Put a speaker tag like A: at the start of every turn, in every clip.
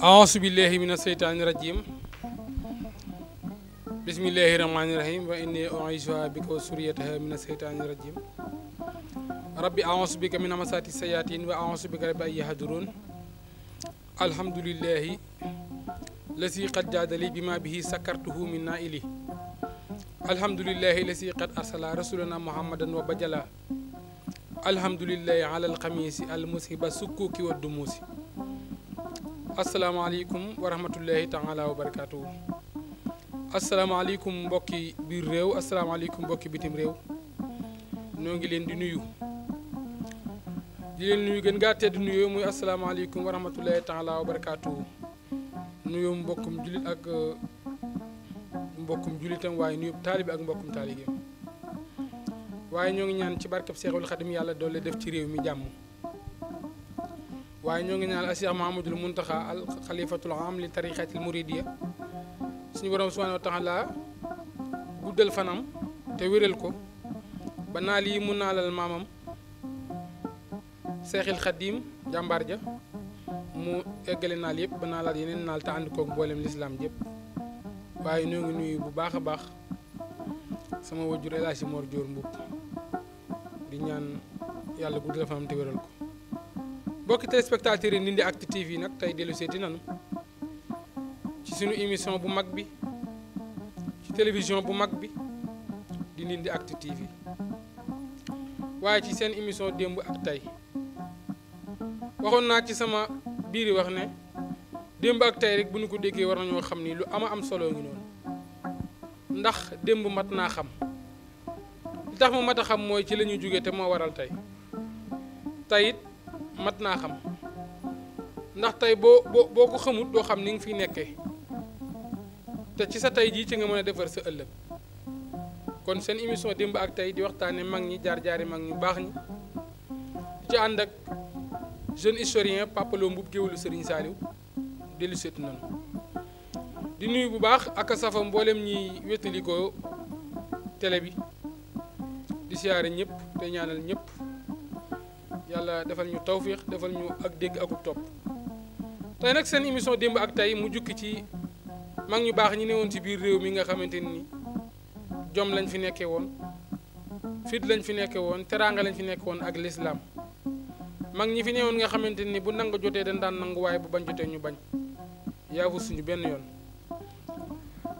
A: aousu billahi min aseytaani rajim bismillahi rahmaani rahim wa inni u'iizuha bika wa suriyataha min aseytaani rajim rabbi aousu bika min amasaati sayaatin wa aousu bika rabbi an yahdurun alhamdulillahi lasi jaadali bima bihi sakartuhu min naili alhamdulillahi lasi qad arsala rasulana muhammadan wa bajala alhamdulillahi ala alxamiisi almushiba sukkuki wa dumuusi asalaamaaleykum wa rahmatullahi taala wa barakaatu. asalaamaaleykum mbokki biir réew asalaamaaleykum mbokki bitim réew noo ngi leen di nuyu di leen nuyu gën ngaa tedd nuyu muy asalaamaaleykum wa rahmatullahi taala wa barakaatu nuyu mbokkum julit ak uh, mbokkum julitam waaye nuyu taalibi ak mbokkum taalibeem waaye ñoo ngi ñaan ci barkeb Seexul Xadim yàlla doole def ci réew mi jàmm waaye ñoo ngi ñaanal Cheikh Mahamadul Muntaxa al xalifatul am li tarixatil muridiya suñu borom subhaanahu wa taala guddal fanam te wéral ko ba naal yi mu naalal maamam seexil jàmbaar ja mu eggale yëpp ba yeneen naal te ànd koog mboolem lislaam yëpp
B: waaye bu
A: baax a baax sama wajur El Hadji Mor Dior Mboup di ñaan yàlla guddal fanam te wéral ko mbokki téléspectateurs yi ak Actu TV nag tey dellu seeti nanu ci suñu émission bu mag bi ci télévision bu mag bi di Ndindy Actu TV waaye ci seen émission démb ak tey waxoon naa ci sama biir wax ne démb ak tey rek bu nu ko déggee war nañoo xam ni lu ama am solo ngi noonu ndax démb mat naa xam li tax mu mat a xam mooy ci lañuy ñuy te moo waral tey tey mat naa xam ndax tey boo boo boo ko xamul doo xam ni nga fi nekkee te ci sa tey jii ci nga mën a defar sa ëllëg kon seen émission démb ak tey di waxtaane mag ñi jaar jaari mag ñu baax ñi ci ànd ak jeune historien Papa Lo Mboup géwélu Serigne Saliou dellu seetu nañu di nuyu bu baax ak safam mboolem ñiy wétali ko bi di siyaare ñëpp te ñaanal ñëpp. yàlla defal ñu tawfiix defal ñu ak dégg akub topp tey nag seen émission démb ak tey mu jukki ci mag ñu baax ñi ne woon ci biir réew mi nga xamante ni jom lañ fi nekkee woon fit lañ fi nekkee woon teraanga lañ fi nekkee woon ak lislaam mag ñi fi ne woon nga xamante ni bu nangu jotee dañ daan nangu waaye bu bañ jotee ñu bañ yaafu suñu benn yoon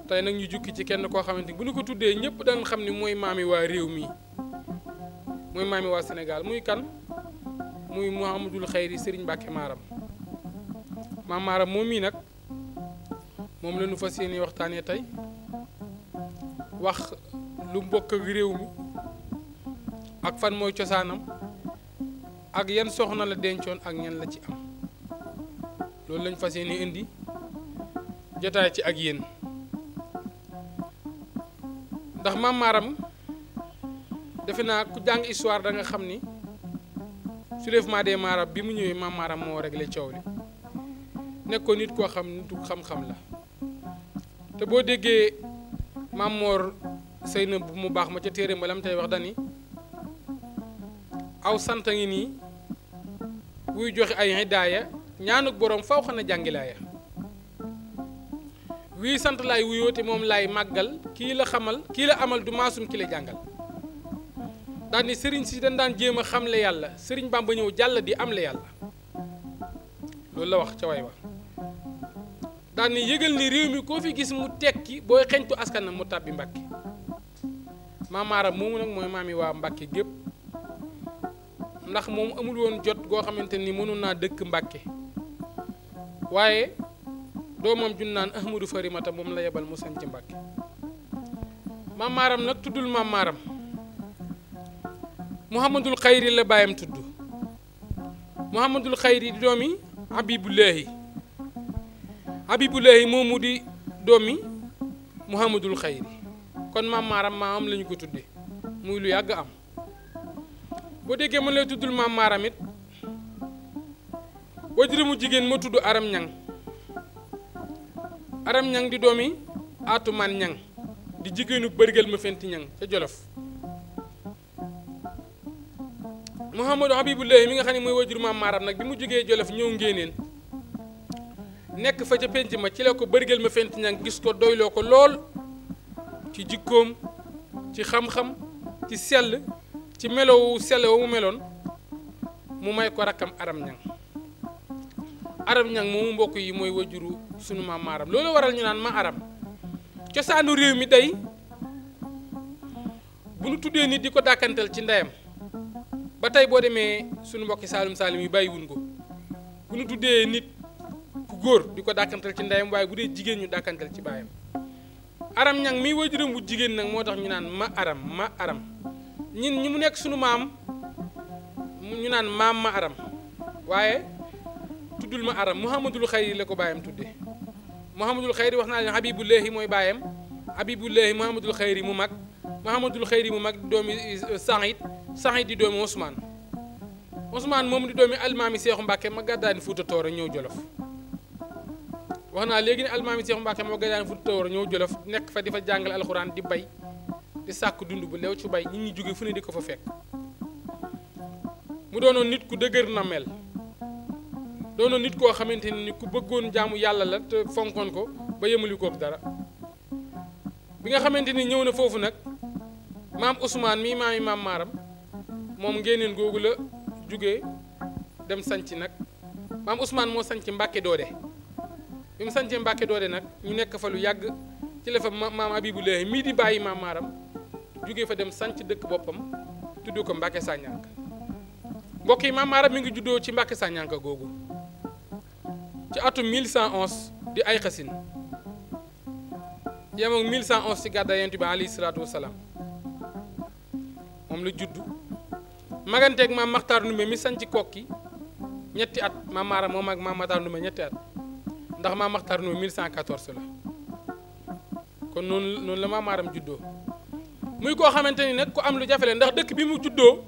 A: tey nag ñu jukki ci kenn koo xamante ni bu ñu ko tuddee ñëpp daan xam ni mooy maami waa réew mi mooy maami waa Sénégal muy kan muy Mouhamadul Xayri Serigne Mbacke Maram maam Maram moom mii nag moom la ñu fas yéene waxtaanee tey wax lu mbokk ak réew mi ak fan mooy cosaanam ak yan soxna la dencoon ak ñan la ci am loolu lañ fa yéene indi jotaay ci ak yéen ndax maam defe naa ku jàng histoire da nga xam ni. soulèvement des maarab bi mu ñëwee maam moo réglé coow li nekkoon nit koo xam nitu xam-xam la te boo déggee maam moor na bu mu baax ma ca téere mbalam tey wax dani aw sant ngi nii wuy joxe ay hidaaya ñaanuk boroom faw xana jàngilaaya wii sant laay wuyoo te moom laay màggal kii la xamal kii la amal du maasum ki la jàngal daal ni sëriñ si dañ daan jéem a xamle yàlla sëriñ Bamba ñëw jàll di am le yàlla loolu la wax ca way wa daal yëgal ni réew mi koo fi gis mu tekki booy xeñtu askanam mu tàbbi Mbàkke maamaaram moomu nag mooy maami waa Mbàkke gépp ndax moom amul woon jot goo xamante ni mënoon naa dëkk Mbàkke waaye doomam jun naan Ahmadou Farimata moom la yebal mu sañ ci Mbàkke maamaaram nag tuddul maamaaram muhammadul xayri la bàyyam tudd muhammadul xayri di doomi habibullahi habibullahi moomu di doomi muhammadul xayri kon maam maaram maamam la ñu ko tudde muy lu yàgg am boo déggee mën lay tuddul maam it wajuramu jigéen ma tudd aram ñang aram ñang di doomi atumaan ñang di jigéenu bërgël ma fenti ñang ca jolof Mouhamadou Habibullahi mi nga xam ne mooy wajur maam maaram nag bi mu jógee Jolof ñëw ngéeneen nekk fa ca penc ma ci la ko bërgël ma fent ñang gis ko doyloo ko lool ci jikkoom ci xam-xam ci sell ci melowu sell wa mu meloon mu may ko rakkam arab ñang aram ñang moomu mbokk yi mooy wajuru sunu maam maaram loolu waral ñu naan ma arab cosaanu réew mi day bu nu tuddee nit di ko dàkkantal ci ndeyam ba tey boo demee suñu mbokki saalum saalum yi bàyyiwuñ ko bu nu tuddee nit ku góor di ko dàkkantal ci ndeyam waaye bu dee jigéen ñu dàkkantal ci baayam aram ñang mii waajuram bu jigéen nag moo tax ñu naan ma aram ma aram ñin ñi mu nekk suñu maam ñu naan maam ma aram waaye tuddul ma aram muhammadul xayri la ko baayam tuddee muhammadul xayri wax naa leen habibullahi mooy baayam habibullahi muhammadul xayri mu mag muhammadul xayri mu mag doomi sànq it saxay di doomi Ousmane Ousmane moom di doomi almaami Seexu Mbàkke ma gàddaani Fuuta a ñëw Jolof wax naa léegi ne almaami Seexu Mbàkke ma gàddaani Fuuta a ñëw Jolof nekk fa di fa jàngal alxuraan di bay di sàkk dund bu lew ci bay nit ñi jóge fu ne di ko fa fekk mu doonoon nit ku dëgër na mel doonoon nit koo xamante ni ku bëggoon jaamu yàlla la te fonkoon ko ba yëmali kook dara bi nga xamante ni ñëw na foofu nag maam Ousmane mii maami maam Maaram moom ngeeneen googu la jóge dem sanc nag maam Ousmane moo sanc Mbàkke Doode bi mu sancee Mbàkke Doode nag ñu nekk fa lu yàgg ci la fa maam Abibulaay mii di bàyyi maam Maaram jóge fa dem sanc dëkk boppam tudd ko Mbàkke Sañank mbokk yi maam Maaram mi ngi juddoo ci Mbàkke Sañank googu ci atum 1111 di ay xasin yemoog 1111 ci gàddaay bi alayhi moom la judd maganteeg maam Maxtaar Ndumbe mi sañ ci kokki ñetti at maam Maara moom ak maam Maxtaar Ndumbe ñetti at ndax maam Maxtaar Ndumbe 1114 la kon noonu noonu la maam Maaram juddoo muy koo xamante ni nag ku am lu jafe ndax dëkk bi mu juddoo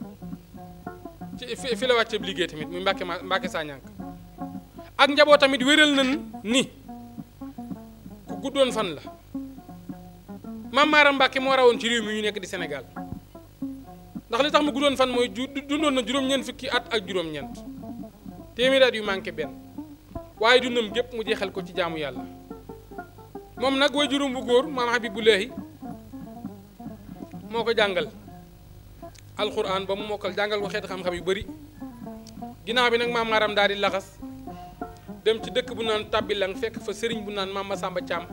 A: ci fi la wàccee liggéey tamit mu Mbàkke ma Mbàkke Sañank ak njaboo tamit wéral nañ ni ku guddoon fan la maam Maaram Mbàkke moo rawoon ci réew mi ñu nekk di Sénégal. ndax li tax mu guddoon fan mooy ju dundoon na juróom-ñeent fukki at ak juróom-ñeent téeméeri at yu manqué benn waaye dundam gépp mu jeexal ko ci jaamu yàlla moom nag way juróom bu góor maam Habibullahi moo ko jàngal alxuraan ba mu mokkal jàngal ko xeeti xam-xam yu bari ginaaw bi nag maam Maram daal di laxas dem ci dëkk bu naan Tabilang fekk fa sëriñ bu naan maam Masamba Thiam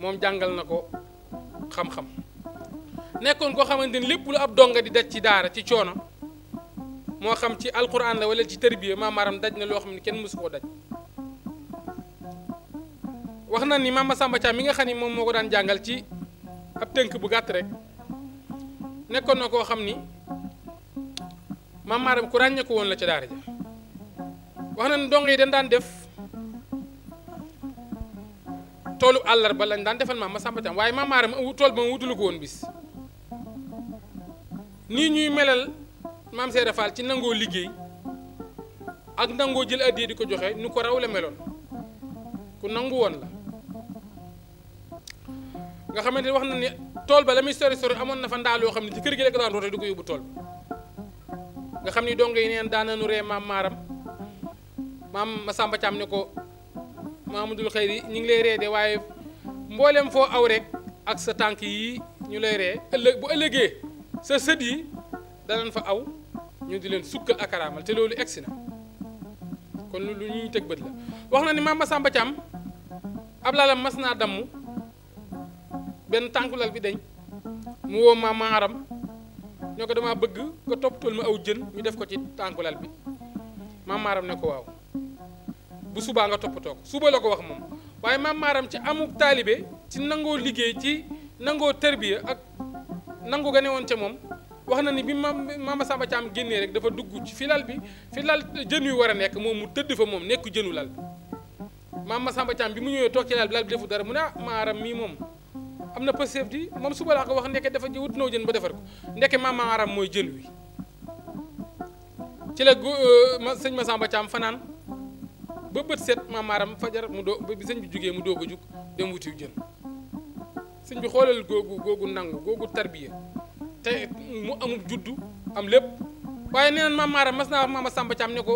A: moom jàngal na ko xam-xam nekkoon koo xamante ni lépp lu ab donga di daj ci daara ci coono moo xam ci alquran la wala ci tërbiya maam Maram daj na loo xam ne kenn mësu koo daj wax na ni maam Masamba Thiam mi nga xam ni moom moo ko daan jàngal ci ab tënk bu gàtt rek nekkoon na koo xam ni maam Maram ku ràññeeku woon la ca daara ja wax na ni dong yi dañ daan def toolu àllarba lañ daan defal maam Masamba Thiam waaye maam Maram tool ba ma wutulu ko woon bis nii ñuy melal maam Seera Fall ci nangoo liggéey ak nangoo jël addiya di ko joxe nu ko raw la meloon ku nangu woon la nga xamante wax na ni tool ba la muy sori sori amoon na fa ndaal yoo xam ne ci kër gi la ko daan roote di ko yóbbu tool nga xam ni dongo yi neen daan nañu ree maam maaram maam Masamba Caam ne ko Mamadul Xayri ñu ngi lay ree de waaye mbooleem foo aw rek ak sa tànk yi ñu lay ree ëllëg bu ëllëgee sa sët yi danañ fa aw ñu di leen sukkal ak te loolu egsi na kon lu ñuy teg bët la wax na ni maam Masamba Thiam ab lalam mas naa damm benn tànkulal bi deñ mu woo ma maaram ko damaa bëgg nga toppatool ma aw jën ñu def ko ci tànkulal bi maam ne ko waaw bu subaa nga toppatoo ko suba la ko wax moom waaye maam ci amuk taalibe ci nangoo liggéey ci nangoo tërbiya ak nangu ga ne woon ca moom wax na ni bi ma Mama Samba Thiam génnee rek dafa dugg ci fi lal bi fi lal jën wi war a nekk moom mu tëdd fa moom nekk jënu lal Mama Samba Thiam bi mu ñëwee toog ci lal defu dara mu ne ah maaram mii moom am na pëseef di moom suba laa ko wax ndeke dafa wut noo jën ba defar ko ndeke ma maaram mooy jën wi ci la euh, sëñ ma Samba Thiam fanaan ba bët set maam maaram fajar mu doo bi sëñ bi jógee mu doog a jug dem wutiw jën sëñ bi xoolal googu googu nangu googu tarbiya te mu amul juddu am lépp waaye nee naan maam mas naa wax maama Samba Thiam ne ko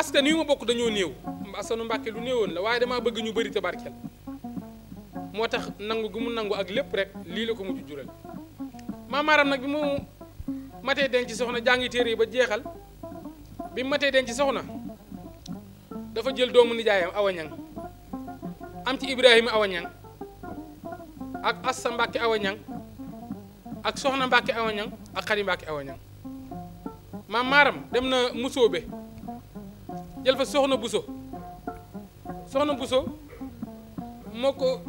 A: askan yu ma bokk dañoo néew askanu Mbàkke lu néewoon la waaye damaa bëgg ñu bëri te barkeel moo tax nangu gi mu nangu ak lépp rek lii la ko mujj jural maam nag bi mu matee denc soxna jàngi téere yi ba jeexal bi mu matee denc soxna dafa jël doomu nijaayam awañang am ci Ibrahima awañang ak Assa Mbacke Awa Niang ak Soxna Mbacke Awa Niang ak Xari maaram dem na Musoobe jël fa Soxna Buso Soxna Buso moo ko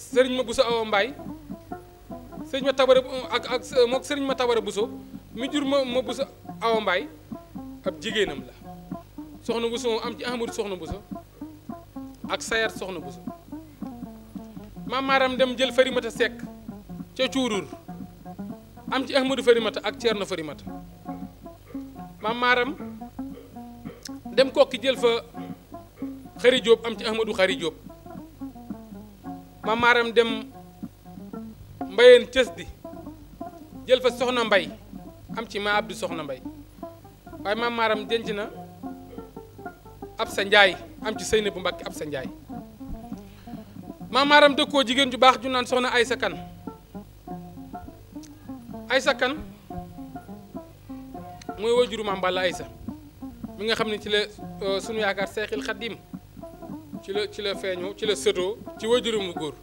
A: sëriñ ma Buso Awa Mbaay sëriñ ma sëriñ ma tabara Buso mi ab jigéenam la Soxna Buso moom am ci Ahmadu Soxna Buso ak Sayar Soxna Buso maam dem jël farimata sekk ca cuurur am ci ahmadou farimata ak ceerno farimata maam dem kokki jël fa xari jóob am ci ahmadou xari jóob maam dem mbayeen cës di jël fa soxna mbay am ci maa abdu soxna mbay waaye maam denc na ab sa njaay am ci sëy na bu ab sa njaay maamaaram dëkkoo jigéen ju baax ju naan soxna Aysa Kan Aysa Kan mooy wajuru maam Balla Aysa mi nga xam ne ci la euh, sunu yaakaar Seexil Xaddim ci la ci la feeñoo ci la sëtoo ci wajuru mu góor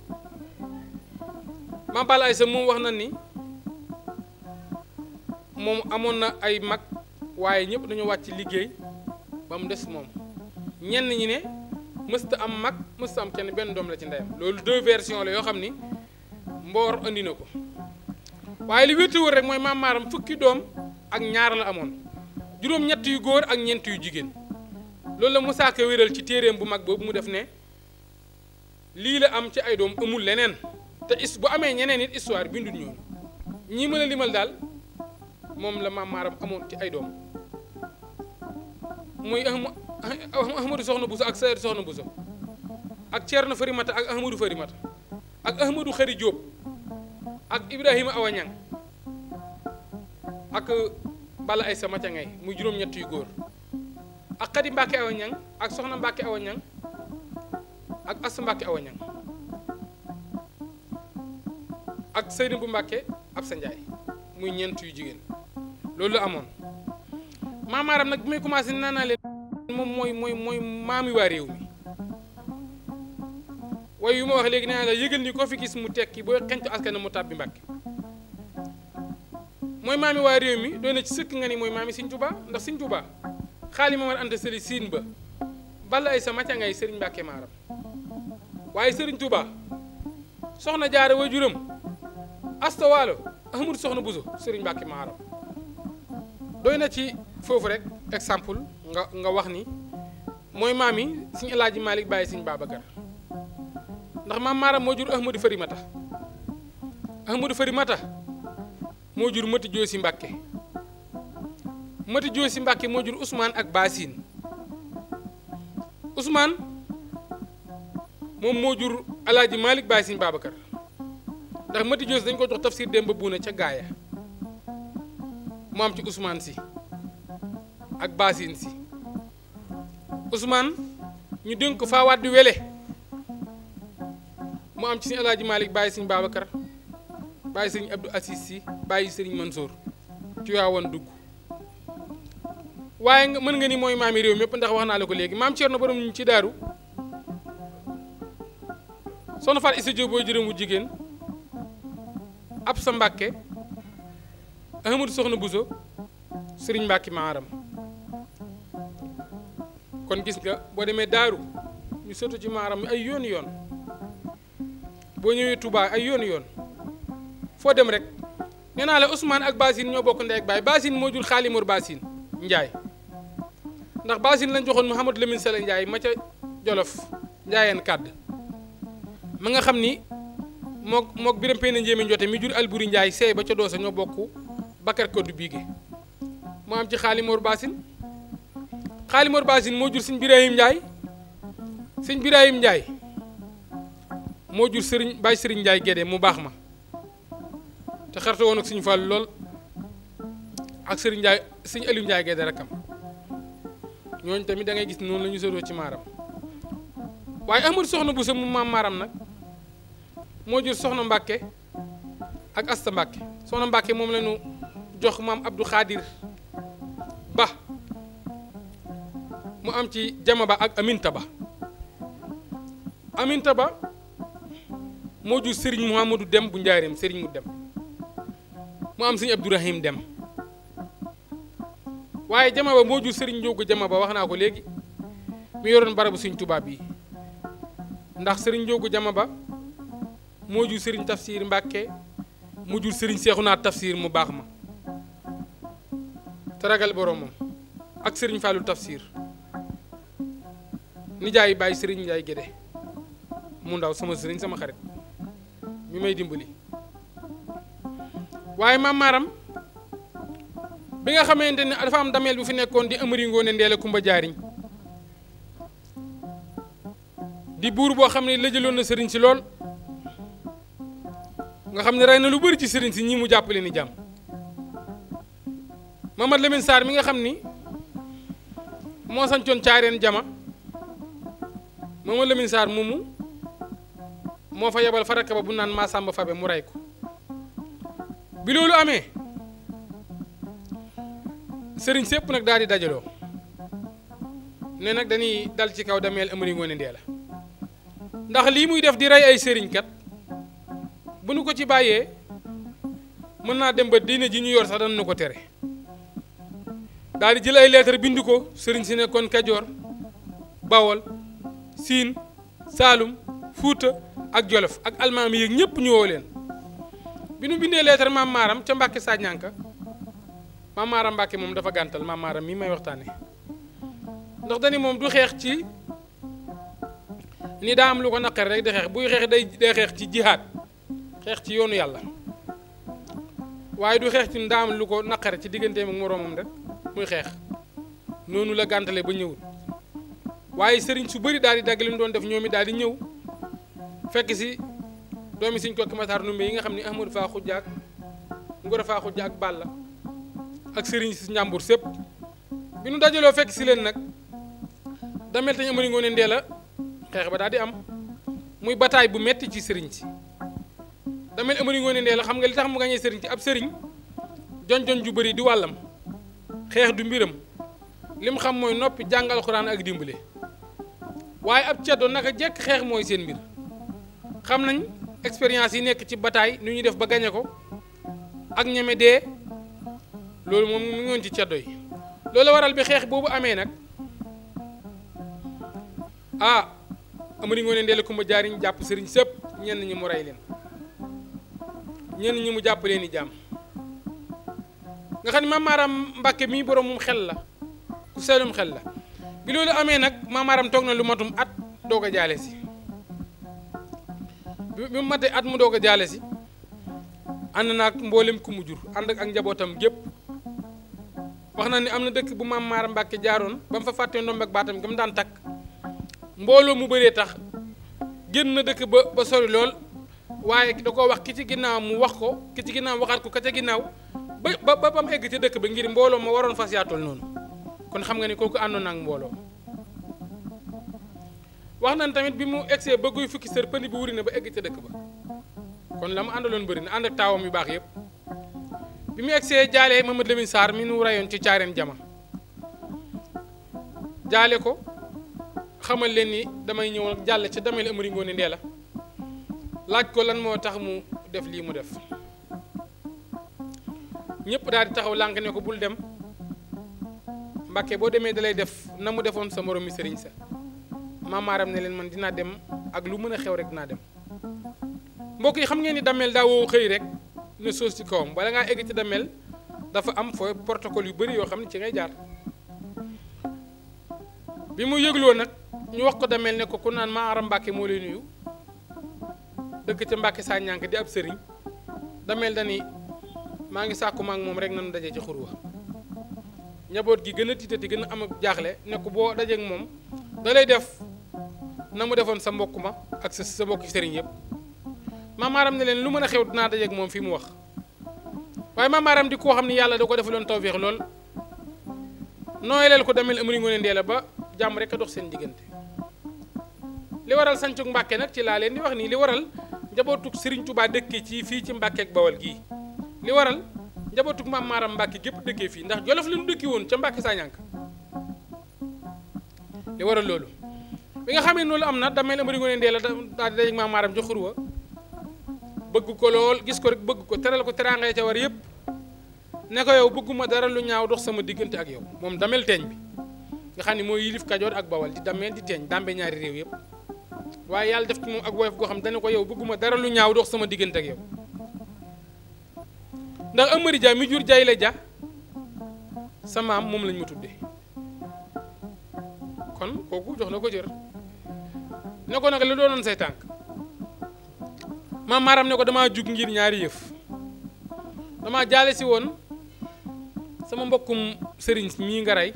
A: maam Balla Aysa moom wax na ni moom amoon na ay mag waaye ñëpp dañoo wàcc liggéey ba mu des moom ñenn ñi ne mësta am mag mësta am kenn benn doom la ci ndeyam loolu deux versions la yoo xam ni mboor andi na ko waaye li wétawul rek mooy maam fukki doom ak ñaar la amoon juróom-ñett yu góor ak ñeent yu jigéen loolu la Moussa Ka wéral ci téereem bu mag boobu mu def ne lii la am ci ay doom amul leneen te is bu amee ñeneen it histoire bindul ñooñu ñii ma la limal daal moom la maam amoon ci ay doom muy Ahmadou Soxna Bousso ak Sayar Soxna Bousso ak Thierno Farimata ak Ahmadou Farimata ak Ahmadou Khary Diop ak Ibrahima Awañang ak euh, Balla Aysa Matia Ngay muy juróom-ñett yu góor ak Khady Mbacke Awañang ak Soxna Mbacke Awañang ak As Mbacke Awañang ak Seydou bu Mbacke ab sa muy ñeent yu jigéen loolu amoon maamaaram nag bi may commencé nee naa leen moom mooy mooy mooy maami waa réew mi waaye yu ma wax léegi nee la yëgal ni ko fi gis mu tekki booy xentu askan mu tàbbi mbàkke mooy maami waa réew mi doy na ci sëkk nga ni mooy maami Sëñ Tuubaa ndax Sëñ Tuubaa xaali ma war anta sëli siin ba bala ay sa maca ngay sëriñ mbàkke maaram waaye sëriñ Tuubaa soxna jaare way juróom asta waalo amul soxna buso sëriñ mbàkke maaram doy na ci foofu rek exemple nga nga wax ni mooy maam yi suñu El Hadj Malick bàyyi suñu Babacar ndax moo jur Ahmadou Farimata Ahmadou Farimata moo jur Mati Joosi Mbàkke Mati Joosi Mbàkke moo jur Ousmane ak Basine Ousmane moom moo jur El Hadj Malick bàyyi suñu Babacar ndax dañ ko jox tafsir Demba Buuna ca gaaya mu am ci Ousmane si ak Basine si Ousmane ñu dénk ko faa wàddu wele mu am ci sëñ Alaaji Malick bàyyi sëñ Babacar bàyyi sëñ Abdou Assis si bàyyi sëñ Mansour ci waawoon dugg waaye nga mën nga ni mooy maami réew mépp ndax wax naa la ko léegi maam Thierno borom ñu ci daaru soxna Faat Issa Diop booy jërëm wu jigéen ab sa Mbàkke Ahmadou soxna Bousso sëriñ Mbàkke maaram kon gis nga boo demee daaru ñu soto ci maaram ay yoon yoon boo ñëwee Touba ay yoon yoon foo dem rek nee naa la Ousmane ak Basine ñoo bokk ndey ak baay Basine moo jur xaalimor Basine Ndiaye ndax Basine lañ joxoon Mouhamadou Lamine Sala Ndiaye ma ca Jolof Ndiayeen kàdd ma nga xam ni mook mook Biram Penda Njéemé Njote mi jur Alburi Ndiaye seey ba ca Doosa ñoo bokk Bakar Koddu Biige moo am ci xaalimor Basine xaalimor basin moo jur sëñ Birahim Ndiaye sëñ Birahim Ndiaye moo jur sëriñ Baye sëriñ Ndiaye Gédé mu baax ma te xarte woon ak sëñ Fall lool ak sëriñ Ndiaye sëñ Aliou Ndiaye Gédé rakkam ñooñu tamit dangay gis noonu lañu ñu sodoo ci maaram waaye Ahmad soxna bu sa mu maam maaram nag moo jur soxna Mbàkke ak Asta Mbàkke soxna Mbàkke moom la ñu jox maam Abdou Khadir mu am ci jama ba ak aminta ba aminta ba moo jur sëriñ Mouhamadou dem bu njaareem sëriñ mu dem mu am sëriñ Abdourahim dem waaye jama ba moo jur sëriñ Njóogu jama ba wax naa ko léegi mu yoroon barabu sëriñ Tuubaa bi ndax sëriñ Njóogu jama ba moo jur sëriñ Tafsir Mbàkke mu jur sëriñ Seexuna Tafsir mu baax ma te ragal boroomam ak sëriñ Fallou Tafsir nijaayu Baye Serigne Ndiaye Guédé mu ndaw sama sëriñ sama xarit mi may dimbali waaye maam Maram bi nga xamante ni dafa am dameel bu fi nekkoon di Amari Ngoone Ndeela Kumba Jaariñ di buur boo xam ne lëjëloon na sëriñ si lool nga xam ne rey na lu bari ci sëriñ si ñi mu jàppale ni jàmm Mamad Lamine Sarr mi nga xam ni moo sancoon caareen jama Mamadou Lamine Sarr moomu moo fa yebal faraka ba bu naan maa Massamba Fabe mu rey ko bi loolu amee sëriñ sépp nag daal di dajaloo ne nag dañuy dal ci kaw dameel Amari Ngoone Ndeela ndax lii muy def di rey ay sëriñ kat bu nu ko ci bàyyee mën naa dem ba diine ji ñu yor sax dana nu ko tere daal di jël ay lettre bind ko sëriñ si nekkoon Kajoor Bawol siin saalum fuuta ak jolof ak almaami yeeg ñëpp ñu woo leen bi nu bindee leetar maam maaram ca Mbàkke Saajñànka maam maaram Mbàkke moom dafa gàntal maam mii may waxtaane ndax dani moom du xeex ci ni daa am lu ko naqar rek di xeex buy xeex day day xeex ci jihaad xeex ci yoonu yàlla waaye du xeex ci daa am lu ko naqare ci digganteem ak moroomam rek muy xeex noonu la gàntale ba ñëwul waaye sëriñ su bëri daal di dagg li doon def ñoom it daal di ñëw fekk si doomi Sëriñ Kokki Matar Ndumbe yi nga xam ne Ahmadou Faa Xujja ak Ngor Faa Xujja ak Balla ak sëriñ si njàmbur sépp bi nu dajaloo fekk si leen nag damel tañ amari ngoo ndee la xeex ba daal di am muy bataay bu metti ci sëriñ si damel amari ngoo ne ndee la xam nga li tax mu gañee sëriñ si ab sëriñ jonjon ju bari di wàllam xeex du mbiram lim xam mooy noppi jàngal xuraan ak dimbale waaye ab ceddo a jekk xeex mooy seen mbir xam nañ expérience yi nekk ci bataay nu ñuy def ba gañe ko ak ñeme dee loolu moom mu ngi ci ceddo yi loolu waral bi xeex boobu amee nag ah Amari Ngoone Ndeela Kumba Jaariñ jàpp sëriñ sëpp ñenn ñi mu rey leen ñenn ñi mu jàpp leen i jàmm nga xam ne maam Maaram Mbàkke mii borom moom xel la ku seelum xel la bi loolu amee nag maamaaram toog na lu matum at doog a jaale si bi mu matee at mu doog jaale si ànd naa mboolem ku mu jur ànd ak njabootam gépp wax naa ni am na dëkk bu maam maaram Mbàkke jaaroon ba mu fa fàttee ndomb ak baatam gi mu daan takk mbooloo mu bëree tax génn na dëkk ba ba sori lool waaye da koo wax ki ci ginnaaw mu wax ko ki ci ginnaaw waxaat ko ka ca ginnaaw ba ba ba mu egg ca dëkk ba ngir mbooloo ma waroon fas yaatul noonu kon xam nga ni kooku àndoon ak mbooloo wax nañ tamit bi mu egsee ba guy fukki sër pënd bi wuri na ba egg ca dëkk ba kon la mu àndaloon bari na ànd ak taawam yu baax yëpp bi mu egsee jaalee Mamadou Lamine Sarr mi nu rayoon ci caareem jama jaale ko xamal leen ni damay ñëw nag jàll ca damay la amari ngoone ndee la laaj ko lan moo tax mu def lii mu def ñëpp daal di taxaw lànk ne ko bul dem Mbàkke boo demee dalay def na mu defoon sa moromi sëriñ sa maamaaram ne leen man dinaa dem ak lu mën a xew rek dinaa dem mbokk yi xam ngeen ni dameel daa xëy rek ne soos ci kawam bala ngaa egg ci dameel dafa am fooy protocole yu bari yoo xam ne ci ngay jaar bi mu yëgloo nag ñu wax ko dameel ne ko ku naan maamaaram Mbàkke moo lay nuyu dëkk ca Mbàkke saa ñànk di ab sëriñ dameel dani maa ngi sàkku maak moom rek nanu daje ci xurwa njaboot gi gën a tiitati gën a am ak jaaxle ne boo dajeek moom da lay def na mu defoon sa mbokk ma ak sa sa mbokki sëriñ yëpp maamaaram ne leen lu mën a xew dinaa dajeek moom fii mu wax waaye maamaaram di koo xam ne yàlla da ko defaloon tawféex lool nooyaleel ko demel amari ngoone la ba jàmm rek a dox seen diggante li waral sancuk Mbàkke nag ci laa leen di wax nii li waral njabootug Sëriñ Tuubaa dëkkee ci fii ci Mbàkke ak Bawol gii li waral njabootuk maam maaram Mbàkke gépp dëkkee fii ndax jolof la ñu dëkki woon ca Mbàkke Sañank li waral loolu bi nga xamee loolu am na damay la amari ndee la daal di dajeek maam maaram ci xurwa bëgg ko lool gis ko rek bëgg ko teral ko teraanga ya ca war yëpp ne ko yow bëgguma dara lu ñaaw dox sama diggante ak yow moom damel teeñ bi nga mooy yilif kajoor ak bawal di dameel di teeñ dambe ñaari réew yëpp waaye yàlla def ci moom ak woyof goo xam dana ko yow bëgguma dara ñaaw dox sama diggante ak ndax Amary jaa mi jur Jayle Dia sama am moom lañ ma tuddee kon kooku jox na ko jër ne ko nag li doonoon say tànk maam maaram ne ko damaa jug ngir ñaari yëf damaa jaale si woon sama mbokkum sëriñ mii nga rey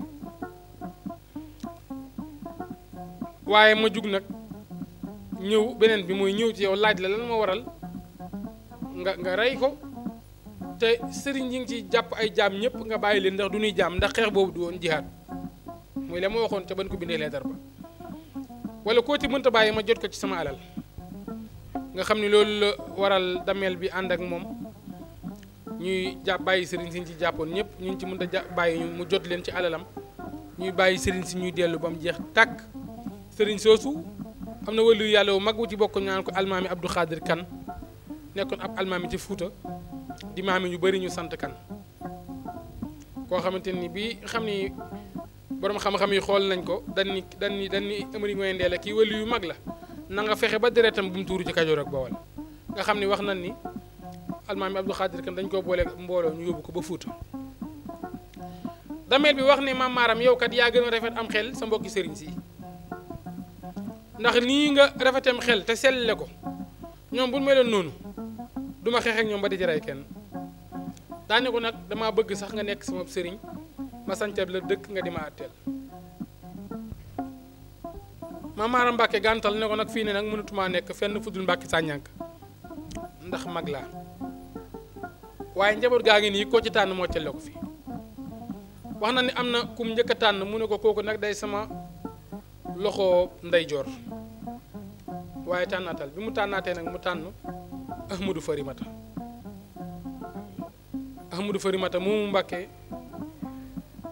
A: waaye ma jug nag ñëw beneen bi mooy ñëw ci yow laaj la lan ma waral nga nga rey ko te sëriñ yi ngi ciy jàpp ay jaam ñëpp nga bàyyi leen ndax du ñuy jaam ndax xeex boobu du woon jihaad mooy la ma waxoon ca ban ko bindee leetar ba wala kooti mënta bàyyi ma jot ci sama alal nga xam ne loolu la waral dameel bi ànd ak moom ñuy jàpp bàyyi sëriñ ci jàppoon ñëpp ñu ci mënta jàpp bàyyi mu jot leen ci alalam ñuy bàyyi sëriñ si ñuy dellu ba mu jeex tàkk sëriñ soosu am na lu yàlla wu mag wu ci bokk ñaan ko almaami Abdou Khadir Kan nekkoon ab almaami ci Fuuta di maam yu bari ñu sant kan koo xamante ni bii xam ni boroom xam-xam yi xool nañ ko dañ ni dañ ni dañ ni Amari Ngoye Ndeela yu mag la na nga fexe ba bu mu tuuru ci Kajoor ak Bawol nga xam ni wax nañ ni almaami Abdou Khadir kan dañ koo booleeg mbooloo ñu yóbbu ko ba Fuuta dameel bi wax ne maam maaram yow kat yaa gën a rafet am xel sa mbokki sëriñ si ndax nii nga rafetem xel te selle ko ñoom bu meloon noonu duma xeex ñoom ba di jaray kenn daane ko nag damaa bëgg sax nga nekk sama sëriñ ma sancal la dëkk nga di ma àtteel ma maara Mbàkke gàntal ne ko nag fii ne nag mënatumaa nekk fenn fudul Mbàkke sàññank ndax mag laa waaye njaboot gaa ngi nii ko ci tànn moo la ko fi wax na ne am na kum njëkk a tànn mu ne ko kooku nag day sama loxo ndeyjoor waaye tànnaatal bi mu tànnaatee nag mu tànn Ahmadou Farimata Ahmadou Farimata moomu Mbàkke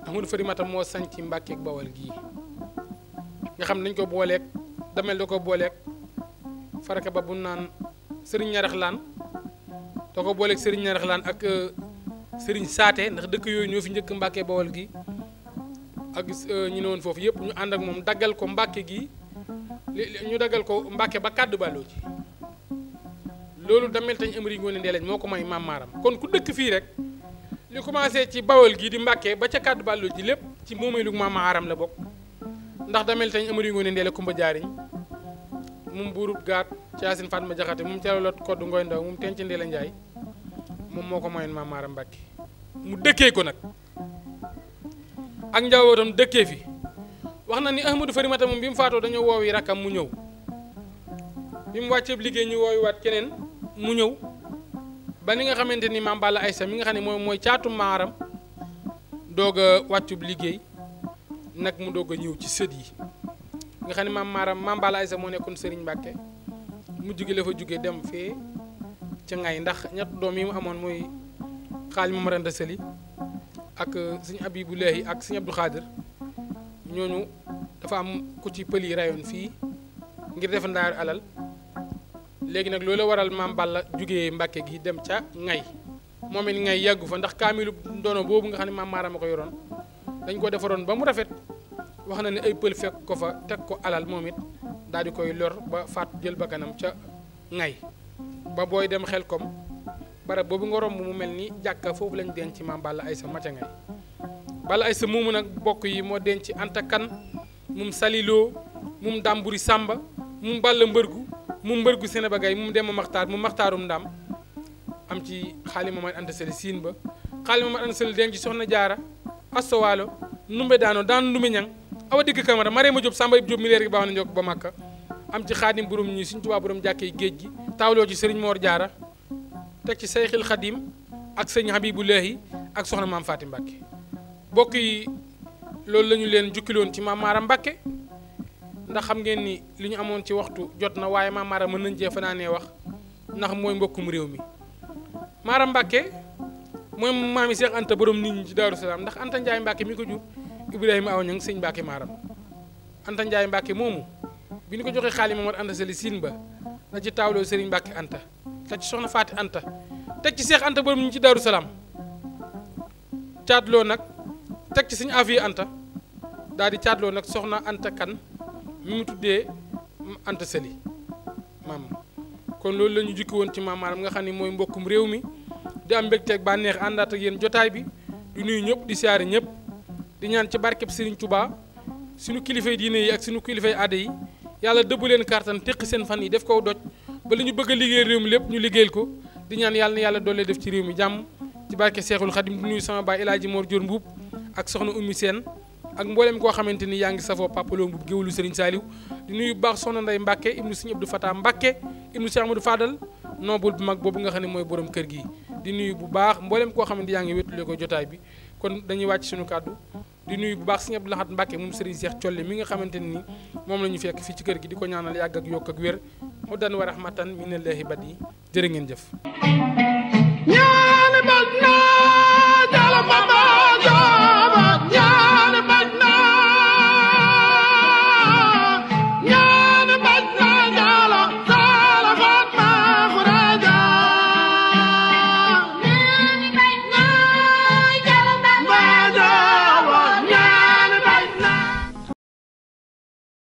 A: Ahmadou Farimata moo sanc Mbàkke Bawal gii nga xam ne dañ ko booleeg damel da ko booleeg faraka ba bu naan sëriñ ñaraxlaan da ko booleeg sëriñ ñaraxlaan ak euh, sëriñ saate ndax dëkk yooyu ñoo fi njëkk Mbàkke Bawal gi ak euh, ñu ne woon foofu yëpp ñu ànd ak moom daggal ko Mbàkke gi ñu daggal ko Mbàkke ba kàddu bàlloo ji loolu damel tañ am ngoone ndee moo ko may maam kon ku dëkk fii rek li commencé ci bawol gii di Mbàkke ba ca kàddu bàllu ji lépp ci moomay lu maama aram la bokk ndax damel tañ amari ngoone ndeel kumba jaariñ moom buurub gaat ci Yaasin ma Jaxate moom calolot koddu ngoy ndaw moom njaay moom moo ko mayoon maama aram Mbàkke mu dëkkee ko nag ak njabootam dëkkee fi wax na ni Ahmadou Farimata moom bi mu faatoo dañoo woowi rakkam mu ñëw bi mu wàcceeb liggéey ñu woowi waat keneen mu ñëw ba ni nga xamante ni maam Balla Aysa mi nga xam ne moom mooy caatu maaram doog a wàccub liggéey nag mu doog a ñëw ci sët yi nga xam ne maam maaram maam Balla Aysa moo nekkoon sëriñ Mbàkke mu jóge la fa jóge dem fee ca ngay ndax ñett doom yi mu amoon mooy xaal mu maranta sëli ak euh, sëñ Abibulahi ak sëñ Abdou Xaadir ñooñu dafa am ku ci pël yi rayoon fii ngir def ndaar alal léegi nag loolu la waral maam la jóge mbakke gi dem ca Ngay moom it Ngay yàggu fa ndax kaamilu ndono boobu nga xam ne maam Maarama ko yoroon dañ koo defaroon ba mu rafet wax na ne ay pël fekk ko fa teg ko alal moom it daal di koy lor ba fàtt jël ba kanam ca Ngay ba booy dem xel kom barab boobu nga romb mu mel ni jàkka foofu lañ denc maam Balla Aysa ma ca Ngay Balla Aysa moomu nag bokk yi moo denc Anta Kan mum Saliloo mum Dàmburi Sàmba mum Balla Mbërgu mu mbër gu Sénébagay mu dem maxtaar mu maxtaarum ndam am ci xaali Mamad Anta Sali siin ba xaali Mamad Anta Sali dem ci soxna jaara astowaalo numbe daano daan numbe ñang awa digg camara maree ma Jóob samba yib Jóob mileer gi baax na njokk ba màkka am ci xaadim borom ñi suñ tubaa borom jàkkee géej gi taawloo ci sëriñ Moor jaara teg ci sayxil xadim ak sëñ Habibulaahi ak soxna maam Faati Mbàkke bokk yi loolu la ñu leen jukkiloon ci maam Maara Mbàkke ndax xam ngeen ni li ñu amoon ci waxtu jot na waaye maam Mara mën nañ cee fanaanee wax ndax mooy mbokkum réew mi Mara Mbacke mooy maami Cheikh Anta borom nit ñi ci Daaru Salaam ndax Anta Ndiaye Mbacke mi ko jur Ibrahima aw ñang sëñ Mbacke Maram Anta Ndiaye Mbacke moomu bi ñu ko joxee xaalis Mamar Anta Sali siin ba da ci taawloo Serigne Mbacke Anta teg ci soxna Faati Anta teg ci Cheikh Anta borom nit ñi ci Daaru Salaam caatloo nag teg ci sëñ Afiya Anta daal di caatloo nag soxna Anta mi mu tuddee Anta Sali maam kon loolu la ñu jukki woon ci maam Maram nga xam ne mooy mbokkum réew mi di am mbégteeg bànneex àndaat ak jotaay bi di nuyu ñëpp di siyaare ñëpp di ñaan ci barkeb Serigne Touba suñu kilifay diine yi ak suñu kilifay aada yi yàlla dëbbu leen kàttan teq seen fan yi def kow doj ba li ñu bëgg a liggéey réew mi lépp ñu liggéeyal ko di ñaan yàlla na yàlla doole def ci réew mi jàmm ci barke Seexul Xadim di nuyu sama baay El Hadji Mor Mbuub ak soxna Oumy Sène ak mboolem koo xamante ni yaa ngi safoo Papa Lo bu géwlu Serigne Saliou di nuyu baax soxna Ndeye Mbacke ibnu Serigne Abdou Fatah Mbacke ibnu Cheikh Amadou Fadal noobul bu mag boobu nga xam ne mooy borom kër gi di nuyu bu baax mboolem koo xamante yaa ngi wétule ko jotaay bi kon dañuy wàcc suñu kàddu di nuyu bu baax Serigne Abdou Lahad Mbacke moom Serigne Cheikh Thiolle mi nga xamante ni moom la ñu fekk fii ci kër gi di ko ñaanal yàgg ak yokk ak wér mu dan wa rahmatan minallahi bat yi jërë ngeen jëf